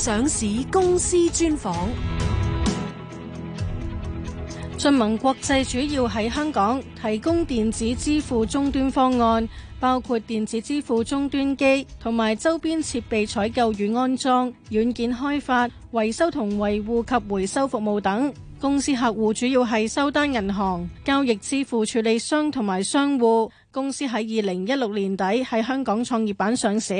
上市公司專訪。俊盟國際主要喺香港提供電子支付終端方案，包括電子支付終端機同埋周邊設備採購與安裝、軟件開發、維修同維護及回收服務等。公司客戶主要係收單銀行、交易支付處理商同埋商戶。公司喺二零一六年底喺香港創業板上市。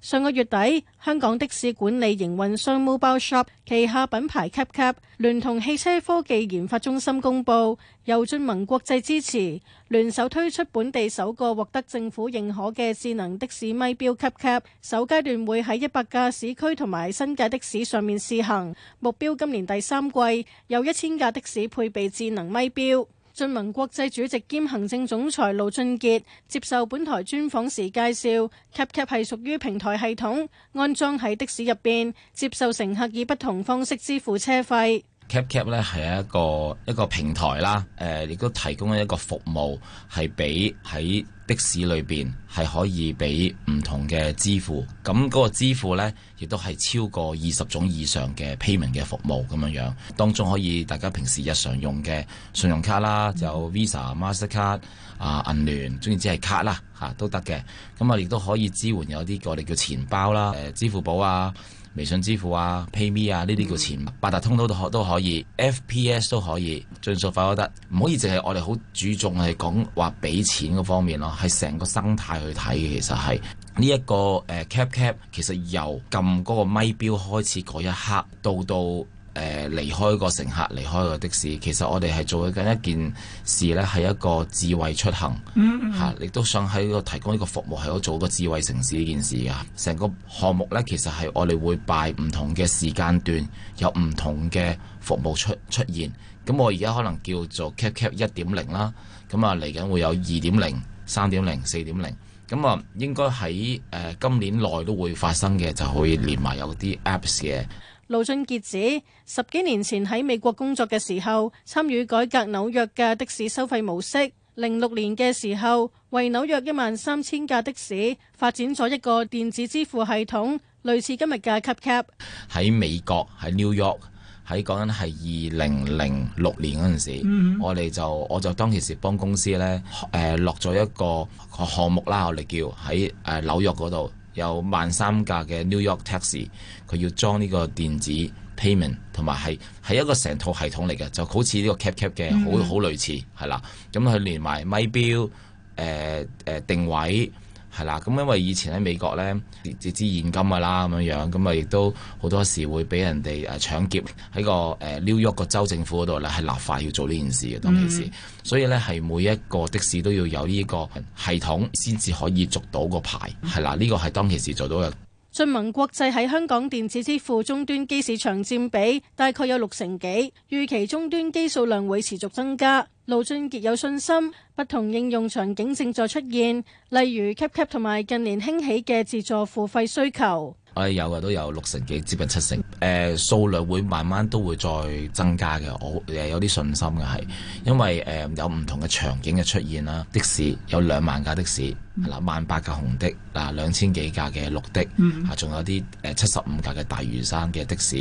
上個月底，香港的士管理營運商 Mobile Shop 旗下品牌 CapCap 聯 Cap，同汽車科技研發中心公佈，有俊盟國際支持，聯手推出本地首個獲得政府認可嘅智能的士咪標 CapCap，首階段會喺一百架市區同埋新界的，的士上面試行，目標今年第三季有一千架的士配備智能咪標。俊盟國際主席兼行政總裁勞俊傑接受本台專訪時介紹，tap tap 係屬於平台系統，安裝喺的士入邊，接受乘客以不同方式支付車費。CapCap 咧係一個一個平台啦，誒、呃、亦都提供一個服務，係俾喺的士裏邊係可以俾唔同嘅支付，咁嗰個支付呢，亦都係超過二十種以上嘅 payment 嘅服務咁樣樣，當中可以大家平時日常用嘅信用卡啦，就 Visa Master、啊、Mastercard 啊銀聯，總言之係卡啦嚇、啊、都得嘅，咁啊亦都可以支援有啲我哋叫錢包啦，誒、呃、支付寶啊。微信支付啊、PayMe 啊，呢啲叫錢物，八達通都可都可以，FPS 都可以，盡數化都得。唔可以淨係我哋好注重係講話畀錢嗰方面咯，係成個生態去睇其實係呢一個誒、呃、CapCap，其實由撳嗰個咪表開始嗰一刻到到。誒、呃、離開個乘客離開個的士，其實我哋係做緊一件事，呢係一個智慧出行嚇，亦、mm hmm. 啊、都想喺個提供呢個服務，係好做個智慧城市呢件事㗎。成個項目呢，其實係我哋會拜唔同嘅時間段，有唔同嘅服務出出現。咁我而家可能叫做 Cap Cap 一點零啦，咁啊嚟緊會有二點零、三點零、四點零，咁啊應該喺誒、呃、今年內都會發生嘅，就可以連埋有啲 Apps 嘅。Mm hmm. 盧俊杰指，十幾年前喺美國工作嘅時候，參與改革紐約嘅的,的士收費模式。零六年嘅時候，為紐約一萬三千架的士發展咗一個電子支付系統，類似今日嘅 g r 喺美國喺 New York 喺嗰陣係二零零六年嗰陣時，嗯、我哋就我就當時時幫公司咧，誒、呃、落咗一個個項目啦，我哋叫喺誒紐約嗰度。有萬三架嘅 New York Taxi，佢要裝呢個電子 payment，同埋係係一個成套系統嚟嘅，就好似呢個 Cap Cap 嘅，好好類似，係啦、mm。咁、hmm。佢連埋咪錶，誒、呃、誒定位。係啦，咁因為以前喺美國呢，直接支現金㗎啦，咁樣樣，咁啊亦都好多時會俾人哋誒搶劫，喺個 New York 州政府嗰度呢，係立法要做呢件事嘅當其時，嗯、所以呢，係每一個的士都要有呢個系統先至可以續到個牌，係啦，呢個係當其時做到嘅。俊、嗯、盟國際喺香港電子支付終端機市場佔比大概有六成幾，預期終端機數量會持續增加。勞俊傑有信心，不同應用場景正在出現，例如 tap tap 同埋近年興起嘅自助付費需求。誒有嘅都有六成幾接近七成，誒、呃、數量會慢慢都會再增加嘅，我誒有啲信心嘅係因為誒、呃、有唔同嘅場景嘅出現啦。的士有兩萬架的士，嗱、嗯、萬八架紅的，嗱兩千幾架嘅綠的，啊仲有啲誒、呃、七十五架嘅大嶼山嘅的、的士，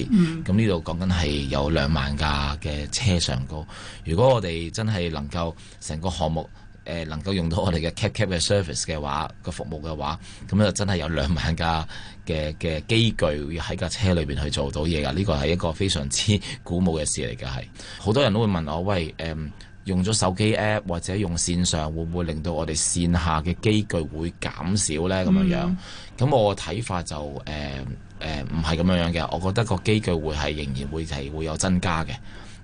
咁呢度講緊係有兩萬架嘅車上高。如果我哋真係。係能夠成個項目誒、呃，能夠用到我哋嘅 cap cap 嘅 service 嘅話，個服務嘅話，咁就真係有兩萬架嘅嘅機具喺架車裏邊去做到嘢㗎，呢個係一個非常之鼓舞嘅事嚟㗎，係好多人都會問我，喂誒、嗯，用咗手機 app 或者用線上會唔會令到我哋線下嘅機具會減少呢？嗯，咁樣樣？咁我嘅睇法就誒誒，唔係咁樣樣嘅，我覺得個機具會係仍然會係會有增加嘅。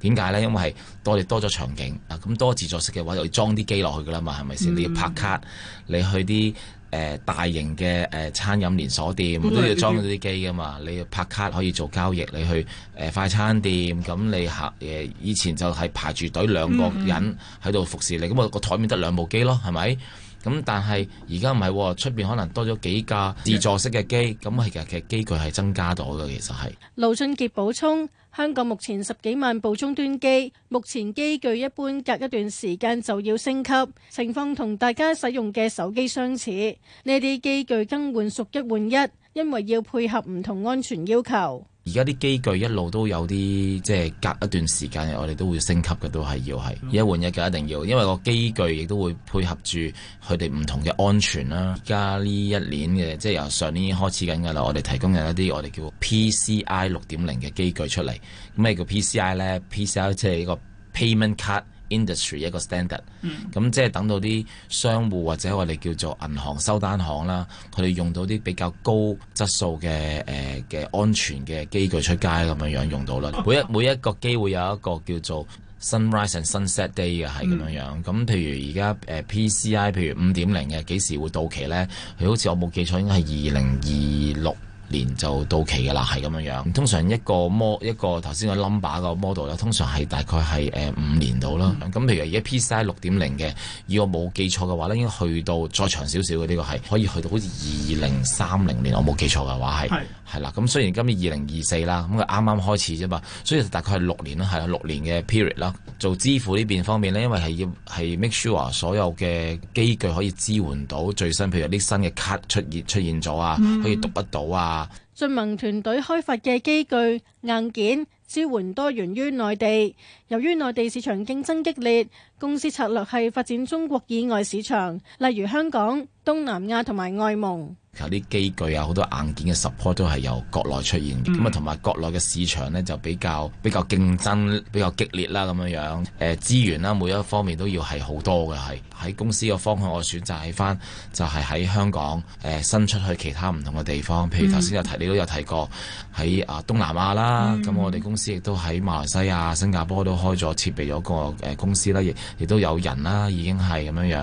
點解呢？因為係我多咗場景啊，咁多自助式嘅話，就要裝啲機落去噶啦嘛，係咪先？嗯、你要拍卡，你去啲誒、呃、大型嘅誒、呃、餐飲連鎖店、嗯、都要裝嗰啲機噶嘛，你要拍卡可以做交易，你去誒、呃、快餐店，咁、嗯、你客誒以前就係排住隊兩個人喺度服侍你，咁我、嗯、個台面得兩部機咯，係咪？咁但係而家唔係，出邊可能多咗幾架自助式嘅機，咁係其實其機具係增加咗嘅。其實係勞俊傑補充，香港目前十幾萬部終端機，目前機具一般隔一段時間就要升級，情況同大家使用嘅手機相似。呢啲機具更換屬一換一，因為要配合唔同安全要求。而家啲機具一路都有啲，即係隔一段時間，我哋都會升級嘅，都係要係一換一嘅，一定要，因為個機具亦都會配合住佢哋唔同嘅安全啦、啊。而家呢一年嘅，即係由上年開始緊㗎啦，我哋提供嘅一啲我哋叫 PCI 六點零嘅機具出嚟。咁啊個 PCI 呢，PCI 即係一個 payment card。Industry 一個、standard. s t a n d a r d 咁即係等到啲商戶或者我哋叫做銀行收單行啦，佢哋用到啲比較高質素嘅誒嘅安全嘅機具出街咁樣樣用到啦。每一每一個機會有一個叫做 sunrise and sunset day 嘅係咁樣樣。咁、mm hmm. 譬如而家誒 PCI，譬如五點零嘅幾時會到期呢？佢好似我冇記錯，應該係二零二六。年就到期嘅啦，係咁樣樣。通常一個模一個頭先個 number 個 model 咧，通常係大概係誒五年度啦。咁、嗯、譬如而家 PCI 六點零嘅，如果冇記錯嘅話咧，應該去到再長少少嘅呢個係可以去到好似二零三零年，我冇記錯嘅話係係啦。咁是雖然今年二零二四啦，咁佢啱啱開始啫嘛，所以大概係六年啦，係啦，六年嘅 period 啦。做支付呢邊方面呢，因為係要係 make sure 所有嘅機具可以支援到最新，譬如有啲新嘅卡出現出現咗啊，可以讀得到啊。嗯俊盟團隊開發嘅機具硬件支援多源於內地，由於內地市場競爭激烈。公司策略係發展中國以外市場，例如香港、東南亞同埋外蒙。其實啲機具啊，好多硬件嘅 support 都係由國內出現嘅，咁啊同埋國內嘅市場呢，就比較比較競爭比較激烈啦，咁樣樣誒資源啦，每一方面都要係好多嘅，係喺公司個方向我選擇喺返就係、是、喺香港誒、呃、伸出去其他唔同嘅地方，譬如頭先有提、嗯、你都有提過喺啊東南亞啦，咁、嗯、我哋公司亦都喺馬來西亞、新加坡都開咗設備咗個誒公司啦，亦。亦都有人啦，已經係咁樣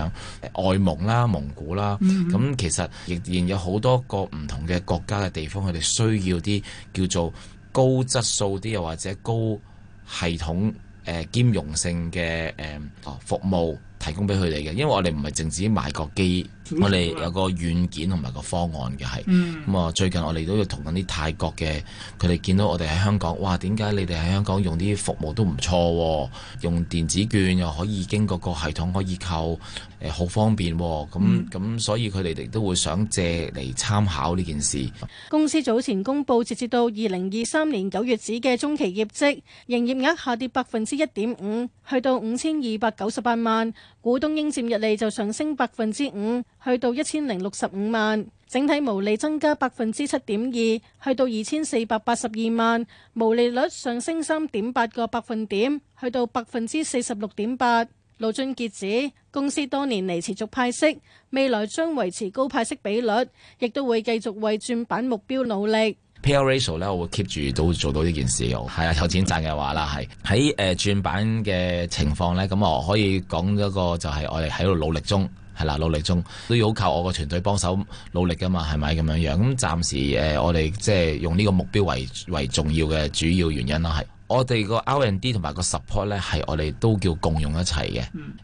樣，外蒙啦、蒙古啦，咁、mm hmm. 其實仍然有好多個唔同嘅國家嘅地方，佢哋需要啲叫做高質素啲，又或者高系統誒、呃、兼容性嘅誒、呃、服務提供俾佢哋嘅，因為我哋唔係淨止賣個機。我哋有個軟件同埋個方案嘅係咁啊。嗯、最近我哋都要同緊啲泰國嘅佢哋見到我哋喺香港，哇！點解你哋喺香港用啲服務都唔錯、啊？用電子券又可以經過個系統可以扣，誒、呃、好方便咁、啊、咁、嗯嗯，所以佢哋哋都會想借嚟參考呢件事。公司早前公布截至到二零二三年九月止嘅中期業績，營業額下跌百分之一點五，去到五千二百九十八萬，股東應佔溢利就上升百分之五。去到一千零六十五萬，整體毛利增加百分之七點二，去到二千四百八十二萬，毛利率上升三點八個百分點，去到百分之四十六點八。勞俊傑指公司多年嚟持續派息，未來將維持高派息比率，亦都會繼續為轉板目標努力。p a r s o 咧，我會 keep 住都做到呢件事。係啊，有錢賺嘅話啦，係喺誒轉板嘅情況呢。咁我可以講一個就係我哋喺度努力中。係啦，努力中都要靠我個團隊幫手努力㗎嘛，係咪咁樣樣？咁暫時誒、呃，我哋即係用呢個目標為為重要嘅主要原因啦，係我哋個 R&D 同埋個 support 咧，係我哋都叫共用一齊嘅。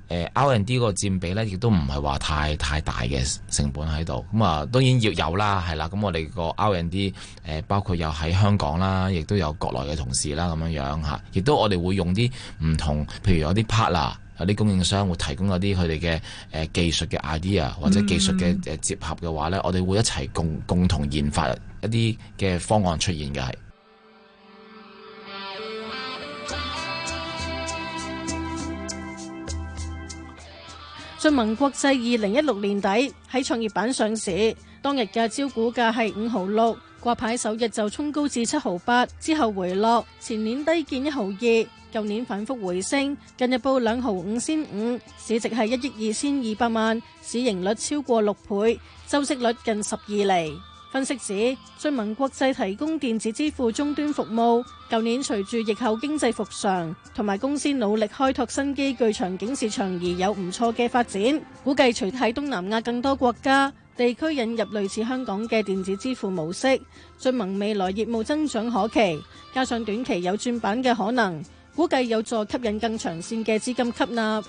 誒 R&D 個佔比咧，亦都唔係話太太大嘅成本喺度。咁啊，當然要有啦，係啦。咁我哋個 R&D 誒、呃，包括有喺香港啦，亦都有國內嘅同事啦，咁樣樣嚇。亦都我哋會用啲唔同，譬如有啲 partner。啲供應商會提供嗰啲佢哋嘅誒技術嘅 idea 或者技術嘅誒接合嘅話呢，我哋會一齊共共同研發一啲嘅方案出現嘅係。俊盟、嗯、國際二零一六年底喺創業板上市，當日嘅招股價係五毫六，掛牌首日就衝高至七毫八，之後回落，前年低見一毫二。舊年反覆回升，近日報兩毫五千五，市值係一億二千二百萬，市盈率超過六倍，收息率近十二厘。分析指，俊盟國際提供電子支付終端服務，舊年隨住疫後經濟復常同埋公司努力開拓新機具場景市場，而有唔錯嘅發展。估計隨喺東南亞更多國家地區引入類似香港嘅電子支付模式，俊盟未來業務增長可期，加上短期有轉版嘅可能。估計有助吸引更長線嘅資金吸納。